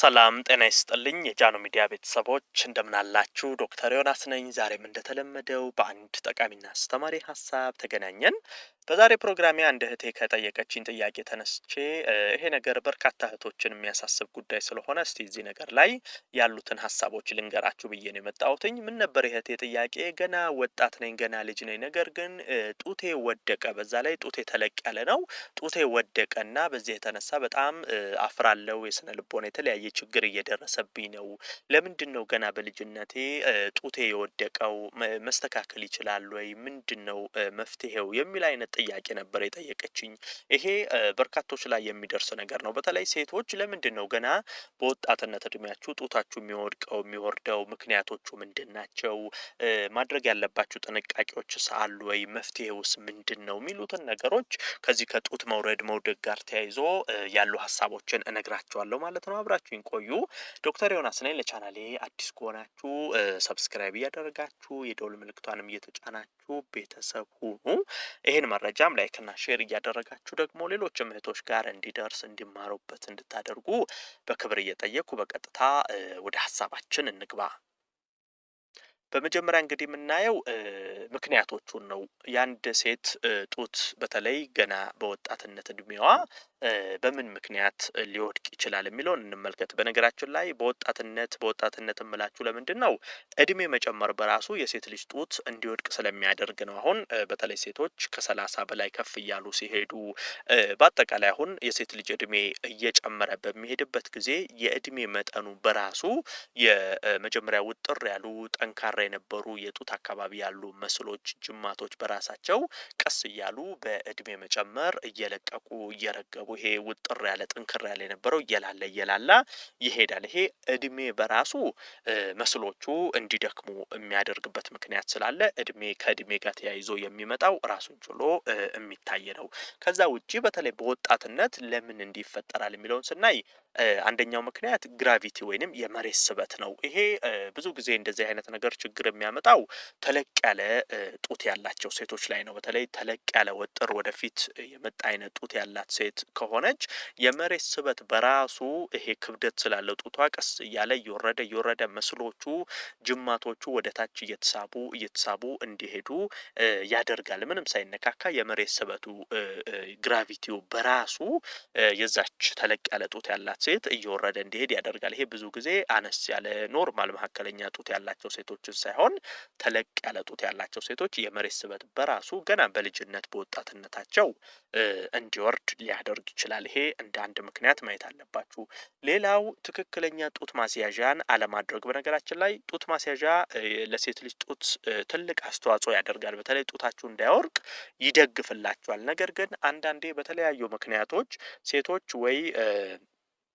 ሰላም ጤና ይስጥልኝ የጃኖ ሚዲያ ቤተሰቦች እንደምናላችሁ ዶክተር ዮናስ ነኝ። ዛሬም እንደተለመደው በአንድ ጠቃሚና አስተማሪ ሀሳብ ተገናኘን። በዛሬ ፕሮግራሜ አንድ እህቴ ከጠየቀችኝ ጥያቄ ተነስቼ ይሄ ነገር በርካታ እህቶችን የሚያሳስብ ጉዳይ ስለሆነ እስቲ እዚህ ነገር ላይ ያሉትን ሀሳቦች ልንገራችሁ ብዬ ነው የመጣሁትኝ። ምን ነበር እህቴ ጥያቄ? ገና ወጣት ነኝ፣ ገና ልጅ ነኝ፣ ነገር ግን ጡቴ ወደቀ። በዛ ላይ ጡቴ ተለቅ ያለ ነው። ጡቴ ወደቀ እና በዚህ የተነሳ በጣም አፍራለው። የስነ ልቦና የተለያየ የተለያየ ችግር እየደረሰብኝ ነው፣ ለምንድን ነው ገና በልጅነቴ ጡቴ የወደቀው? መስተካከል ይችላል ወይ? ምንድን ነው መፍትሄው? የሚል አይነት ጥያቄ ነበር የጠየቀችኝ። ይሄ በርካቶች ላይ የሚደርስ ነገር ነው። በተለይ ሴቶች ለምንድን ነው ገና በወጣትነት እድሜያችሁ ጡታችሁ የሚወድቀው የሚወርደው? ምክንያቶቹ ምንድን ናቸው? ማድረግ ያለባችሁ ጥንቃቄዎችስ አሉ ወይ? መፍትሄውስ ምንድን ነው? የሚሉትን ነገሮች ከዚህ ከጡት መውረድ መውደቅ ጋር ተያይዞ ያሉ ሀሳቦችን እነግራቸዋለሁ ማለት ነው አብራችሁ አብራችሁኝ ቆዩ። ዶክተር ዮናስ ነኝ። ለቻናሌ አዲስ ከሆናችሁ ሰብስክራይብ እያደረጋችሁ የደውል ምልክቷንም እየተጫናችሁ ቤተሰብ ሁኑ። ይህን መረጃም ላይክና ሼር እያደረጋችሁ ደግሞ ሌሎችም እህቶች ጋር እንዲደርስ እንዲማሩበት እንድታደርጉ በክብር እየጠየኩ በቀጥታ ወደ ሀሳባችን እንግባ። በመጀመሪያ እንግዲህ የምናየው ምክንያቶቹን ነው። የአንድ ሴት ጡት በተለይ ገና በወጣትነት እድሜዋ በምን ምክንያት ሊወድቅ ይችላል የሚለውን እንመልከት። በነገራችን ላይ በወጣትነት በወጣትነት እምላችሁ ለምንድን ነው እድሜ መጨመር በራሱ የሴት ልጅ ጡት እንዲወድቅ ስለሚያደርግ ነው። አሁን በተለይ ሴቶች ከሰላሳ በላይ ከፍ እያሉ ሲሄዱ በአጠቃላይ አሁን የሴት ልጅ እድሜ እየጨመረ በሚሄድበት ጊዜ የእድሜ መጠኑ በራሱ የመጀመሪያ ውጥር ያሉ ጠንካራ የነበሩ የጡት አካባቢ ያሉ መስሎች፣ ጅማቶች በራሳቸው ቀስ እያሉ በእድሜ መጨመር እየለቀቁ እየረገቡ ይሄ ውጥር ያለ ጥንክር ያለ የነበረው እየላለ እየላላ ይሄዳል። ይሄ እድሜ በራሱ መስሎቹ እንዲደክሙ የሚያደርግበት ምክንያት ስላለ እድሜ ከእድሜ ጋር ተያይዞ የሚመጣው ራሱን ችሎ የሚታይ ነው። ከዛ ውጪ በተለይ በወጣትነት ለምን እንዲፈጠራል የሚለውን ስናይ አንደኛው ምክንያት ግራቪቲ ወይንም የመሬት ስበት ነው። ይሄ ብዙ ጊዜ እንደዚህ አይነት ነገር ችግር የሚያመጣው ተለቅ ያለ ጡት ያላቸው ሴቶች ላይ ነው። በተለይ ተለቅ ያለ ወጥር ወደፊት የመጣ አይነት ጡት ያላት ሴት ከሆነች የመሬት ስበት በራሱ ይሄ ክብደት ስላለው ጡቷ ቀስ እያለ እየወረደ እየወረደ መስሎቹ ጅማቶቹ ወደ ታች እየተሳቡ እየተሳቡ እንዲሄዱ ያደርጋል። ምንም ሳይነካካ የመሬት ስበቱ ግራቪቲው በራሱ የዛች ተለቅ ያለ ጡት ያላት ሴት እየወረደ እንዲሄድ ያደርጋል። ይሄ ብዙ ጊዜ አነስ ያለ ኖርማል መካከለኛ ጡት ያላቸው ሴቶችን ሳይሆን ተለቅ ያለ ጡት ያላቸው ሴቶች የመሬት ስበት በራሱ ገና በልጅነት በወጣትነታቸው እንዲወርድ ሊያደርግ ይችላል። ይሄ እንደ አንድ ምክንያት ማየት አለባችሁ። ሌላው ትክክለኛ ጡት ማስያዣን አለማድረግ። በነገራችን ላይ ጡት ማስያዣ ለሴት ልጅ ጡት ትልቅ አስተዋጽኦ ያደርጋል። በተለይ ጡታችሁ እንዳይወርቅ ይደግፍላችኋል። ነገር ግን አንዳንዴ በተለያዩ ምክንያቶች ሴቶች ወይ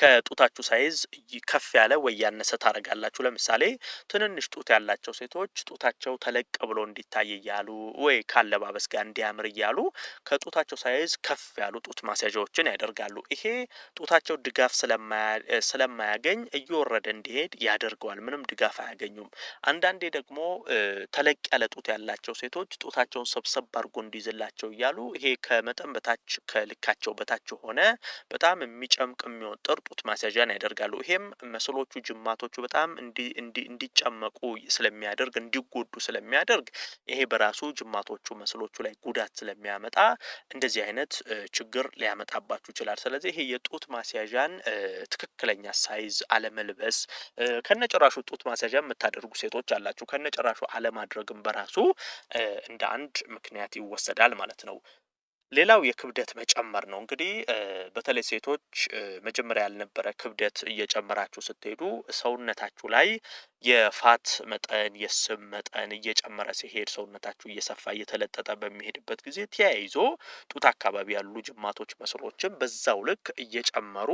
ከጡታችሁ ሳይዝ ከፍ ያለ ወይ ያነሰ ታደርጋላችሁ። ለምሳሌ ትንንሽ ጡት ያላቸው ሴቶች ጡታቸው ተለቅ ብሎ እንዲታይ እያሉ ወይ ካለባበስ ጋር እንዲያምር እያሉ ከጡታቸው ሳይዝ ከፍ ያሉ ጡት ማስያዣዎችን ያደርጋሉ። ይሄ ጡታቸው ድጋፍ ስለማያገኝ እየወረደ እንዲሄድ ያደርገዋል። ምንም ድጋፍ አያገኙም። አንዳንዴ ደግሞ ተለቅ ያለ ጡት ያላቸው ሴቶች ጡታቸውን ሰብሰብ አድርጎ እንዲይዝላቸው እያሉ ይሄ ከመጠን በታች ከልካቸው በታች ሆነ በጣም የሚጨምቅ የሚወጥር ጡት ማስያዣን ያደርጋሉ። ይሄም መስሎቹ ጅማቶቹ በጣም እንዲጨመቁ ስለሚያደርግ እንዲጎዱ ስለሚያደርግ ይሄ በራሱ ጅማቶቹ መስሎቹ ላይ ጉዳት ስለሚያመጣ እንደዚህ አይነት ችግር ሊያመጣባችሁ ይችላል። ስለዚህ ይሄ የጡት ማስያዣን ትክክለኛ ሳይዝ አለመልበስ፣ ከነጭራሹ ጡት ማስያዣ የምታደርጉ ሴቶች አላችሁ፣ ከነጭራሹ አለማድረግም በራሱ እንደ አንድ ምክንያት ይወሰዳል ማለት ነው። ሌላው የክብደት መጨመር ነው። እንግዲህ በተለይ ሴቶች መጀመሪያ ያልነበረ ክብደት እየጨመራችሁ ስትሄዱ ሰውነታችሁ ላይ የፋት መጠን የስም መጠን እየጨመረ ሲሄድ ሰውነታችሁ እየሰፋ እየተለጠጠ በሚሄድበት ጊዜ ተያይዞ ጡት አካባቢ ያሉ ጅማቶች መስሎችም በዛው ልክ እየጨመሩ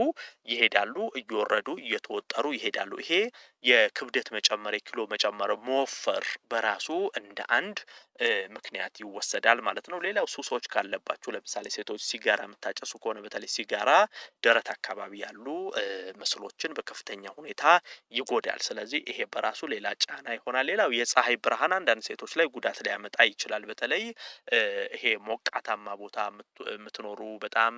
ይሄዳሉ፣ እየወረዱ እየተወጠሩ ይሄዳሉ። ይሄ የክብደት መጨመር የኪሎ መጨመር መወፈር በራሱ እንደ አንድ ምክንያት ይወሰዳል ማለት ነው። ሌላው ሱሶች ካለባችሁ ለምሳሌ ሴቶች ሲጋራ የምታጨሱ ከሆነ በተለይ ሲጋራ ደረት አካባቢ ያሉ ምስሎችን በከፍተኛ ሁኔታ ይጎዳል። ስለዚህ ይሄ በራሱ ሌላ ጫና ይሆናል። ሌላው የፀሐይ ብርሃን አንዳንድ ሴቶች ላይ ጉዳት ሊያመጣ ይችላል። በተለይ ይሄ ሞቃታማ ቦታ የምትኖሩ በጣም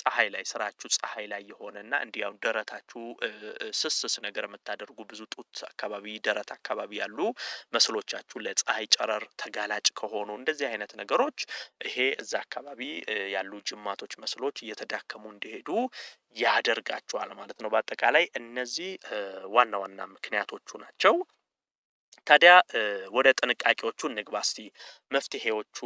ፀሐይ ላይ ስራችሁ ፀሐይ ላይ የሆነና እንዲያው ደረታችሁ ስስስ ነገር የምታደርጉ ብዙ ጡት አካባቢ፣ ደረት አካባቢ ያሉ ምስሎቻችሁ ለፀሐይ ጨረር ተጋላ። ተጋላጭ ከሆኑ እንደዚህ አይነት ነገሮች ይሄ እዛ አካባቢ ያሉ ጅማቶች መስሎች እየተዳከሙ እንዲሄዱ ያደርጋቸዋል ማለት ነው። በአጠቃላይ እነዚህ ዋና ዋና ምክንያቶቹ ናቸው። ታዲያ ወደ ጥንቃቄዎቹ እንግባ እስቲ መፍትሄዎቹ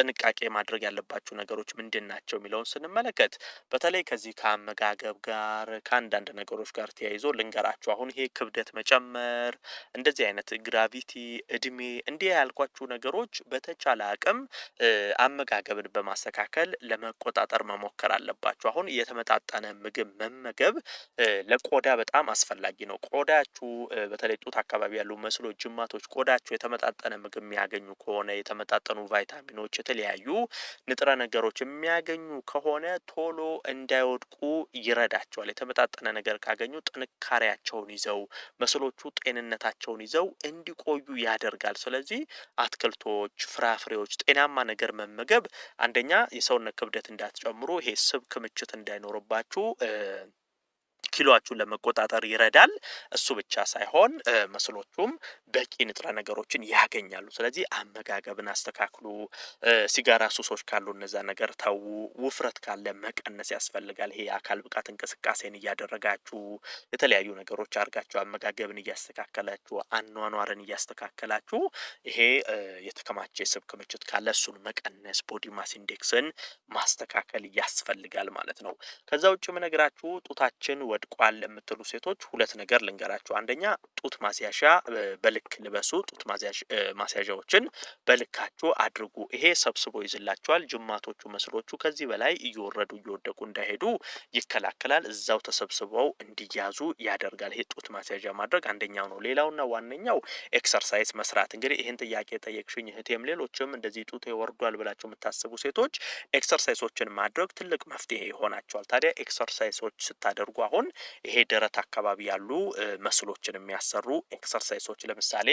ጥንቃቄ ማድረግ ያለባቸው ነገሮች ምንድን ናቸው የሚለውን ስንመለከት በተለይ ከዚህ ከአመጋገብ ጋር ከአንዳንድ ነገሮች ጋር ተያይዞ ልንገራችሁ። አሁን ይሄ ክብደት መጨመር፣ እንደዚህ አይነት ግራቪቲ፣ እድሜ እንዲህ ያልኳችሁ ነገሮች በተቻለ አቅም አመጋገብን በማስተካከል ለመቆጣጠር መሞከር አለባችሁ። አሁን የተመጣጠነ ምግብ መመገብ ለቆዳ በጣም አስፈላጊ ነው። ቆዳችሁ በተለይ ጡት አካባቢ ያሉ መስሎች፣ ጅማቶች ቆዳችሁ የተመጣጠነ ምግብ የሚያገኙ ከሆነ የተመጣጠኑ ቫይታሚኖች የተለያዩ ንጥረ ነገሮች የሚያገኙ ከሆነ ቶሎ እንዳይወድቁ ይረዳቸዋል። የተመጣጠነ ነገር ካገኙ ጥንካሬያቸውን ይዘው መስሎቹ ጤንነታቸውን ይዘው እንዲቆዩ ያደርጋል። ስለዚህ አትክልቶች፣ ፍራፍሬዎች፣ ጤናማ ነገር መመገብ አንደኛ የሰውነት ክብደት እንዳትጨምሩ፣ ይሄ ስብ ክምችት እንዳይኖርባችሁ ኪሎአችሁን ለመቆጣጠር ይረዳል። እሱ ብቻ ሳይሆን መስሎቹም በቂ ንጥረ ነገሮችን ያገኛሉ። ስለዚህ አመጋገብን አስተካክሉ። ሲጋራ ሱሶች ካሉ እነዛ ነገር ተዉ። ውፍረት ካለ መቀነስ ያስፈልጋል። ይሄ የአካል ብቃት እንቅስቃሴን እያደረጋችሁ የተለያዩ ነገሮች አድርጋችሁ አመጋገብን እያስተካከላችሁ አኗኗርን እያስተካከላችሁ ይሄ የተከማቸ የስብ ክምችት ካለ እሱን መቀነስ ቦዲ ማስ ኢንዴክስን ማስተካከል ያስፈልጋል ማለት ነው። ከዛ ውጭ ምነግራችሁ ጡታችን ወድቋል የምትሉ ሴቶች ሁለት ነገር ልንገራችሁ። አንደኛ ጡት ማስያዣ በልክ ልበሱ። ጡት ማስያዣዎችን በልካችሁ አድርጉ። ይሄ ሰብስቦ ይዝላችኋል። ጅማቶቹ፣ መስሎቹ ከዚህ በላይ እየወረዱ እየወደቁ እንዳይሄዱ ይከላከላል። እዛው ተሰብስበው እንዲያዙ ያደርጋል። ይሄ ጡት ማስያዣ ማድረግ አንደኛው ነው። ሌላውና ዋነኛው ኤክሰርሳይዝ መስራት። እንግዲህ ይህን ጥያቄ ጠየቅሽኝ እህቴም ሌሎችም እንደዚህ ጡት ወርዷል ብላችሁ የምታስቡ ሴቶች ኤክሰርሳይሶችን ማድረግ ትልቅ መፍትሄ ይሆናቸዋል። ታዲያ ኤክሰርሳይሶች ስታደርጉ አሁን ሲሆን ይሄ ደረት አካባቢ ያሉ መስሎችን የሚያሰሩ ኤክሰርሳይሶች ለምሳሌ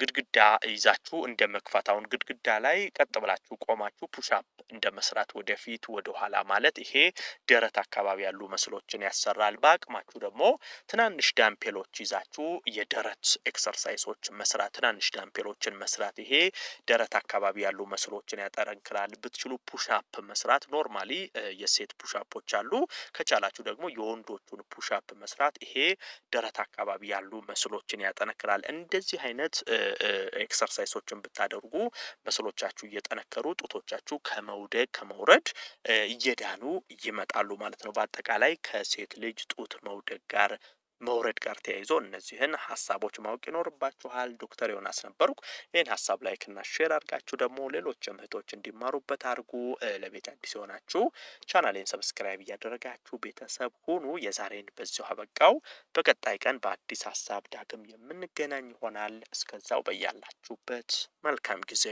ግድግዳ ይዛችሁ እንደ መግፋት፣ አሁን ግድግዳ ላይ ቀጥ ብላችሁ ቆማችሁ ፑሻፕ እንደ መስራት፣ ወደፊት ወደኋላ ማለት ይሄ ደረት አካባቢ ያሉ መስሎችን ያሰራል። በአቅማችሁ ደግሞ ትናንሽ ዳምፔሎች ይዛችሁ የደረት ኤክሰርሳይሶች መስራት፣ ትናንሽ ዳምፔሎችን መስራት፣ ይሄ ደረት አካባቢ ያሉ መስሎችን ያጠነክራል። ብትችሉ ፑሻፕ መስራት ኖርማሊ የሴት ፑሻፖች አሉ። ከቻላችሁ ደግሞ የወንዶች ሁለቱን ፑሻፕ መስራት ይሄ ደረት አካባቢ ያሉ መስሎችን ያጠነክራል። እንደዚህ አይነት ኤክሰርሳይሶችን ብታደርጉ መስሎቻችሁ እየጠነከሩ ጡቶቻችሁ ከመውደቅ ከመውረድ እየዳኑ ይመጣሉ ማለት ነው። በአጠቃላይ ከሴት ልጅ ጡት መውደቅ ጋር መውረድ ጋር ተያይዞ እነዚህን ሀሳቦች ማወቅ ይኖርባችኋል። ዶክተር ዮናስ ነበርኩ። ይህን ሀሳብ ላይክና ሼር አድርጋችሁ ደግሞ ሌሎች እህቶች እንዲማሩበት አድርጉ። ለቤት አዲስ የሆናችሁ ቻናሌን ሰብስክራይብ እያደረጋችሁ ቤተሰብ ሁኑ። የዛሬን በዚሁ አበቃው። በቀጣይ ቀን በአዲስ ሀሳብ ዳግም የምንገናኝ ይሆናል። እስከዛው በያላችሁበት መልካም ጊዜ